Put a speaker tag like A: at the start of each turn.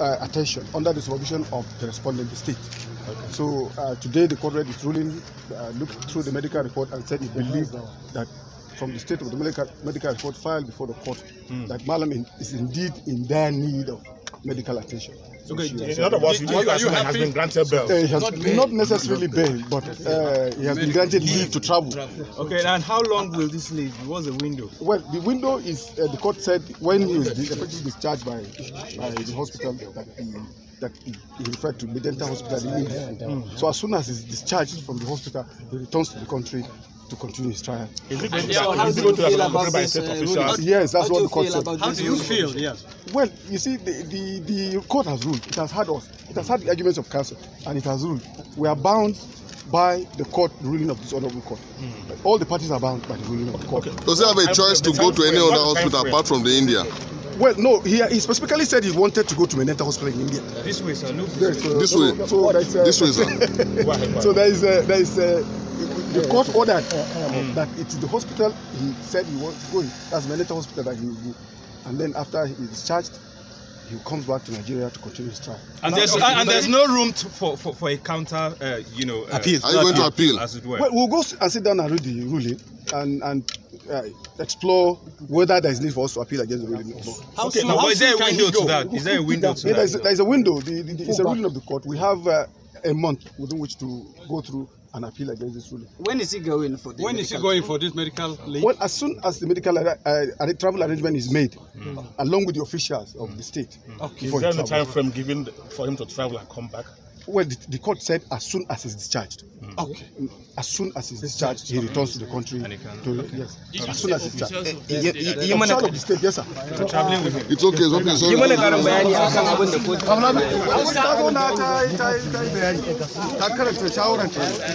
A: uh, attention under the supervision of the respondent state. Okay. So uh, today the court is ruling, uh, looked through the medical report and said it believes that from the state of the medical, medical report filed before the court mm. that Malam in, is indeed in dire need of medical attention. Okay, in other words, he husband has been granted bail. Uh, has, not, not, necessarily bail, but uh, he has been granted leave to travel. Okay, and how long will this leave? What's the window? Well, the window is uh, the court said when he was effectively discharged by, by the hospital that he that he, referred to the dental Hospital. Mm. So as soon as he's discharged from the hospital, he returns to the country to continue his trial. Is it going to uh, Yes, that's what the court said. How do you feel? Yes. Well, you see, the, the, the court has ruled. It has had us. It has had the arguments of counsel, and it has ruled. We are bound by the court ruling of this honorable court. Mm. All the parties are bound by the ruling of the court. Okay. Does he have a choice to go to any other hospital apart from the India? Well, no, he, he specifically said he wanted to go to Menata Hospital in India. this way, sir. this, yes, way. Uh, this way. So, so, uh, this way, sir. so there is, uh, there is uh, the court ordered that mm. it is the hospital he said he was going. That's Melita Hospital that he will go. And then after he is discharged, he comes back to Nigeria to continue his trial. And there's, and there's no room to, for, for, for a counter, uh, you know, uh, appeal. Are you going to appeal? As it were. Well, we'll go and sit down and read the ruling and and uh, explore whether there is need for us to appeal against the ruling. How okay, so, no, how is there a window to that? Is there a window to that? there is, a window. The, the, the, it's a ruling of the court. We have uh, a month within which to go through an appeal against this ruling. When is he going for this? When is he going for this medical leave? Well, as soon as the medical uh, uh, travel arrangement is made, mm. along with the officials of the state. Hmm. Okay. Is there the time frame given for him to travel and come back? well, the, the, court said as soon as he's discharged. Mm. Okay. As soon as he's discharged, he returns to the country. And he can, to, okay. Yes. Did as soon as he's discharged. You eh, eh, eh, man of the state, yes sir. So traveling with him. It's okay, it's okay. You man karin bayani akan abin da kotu. Kamar na ta ta ta bayani. Ta karanta shawaran ta.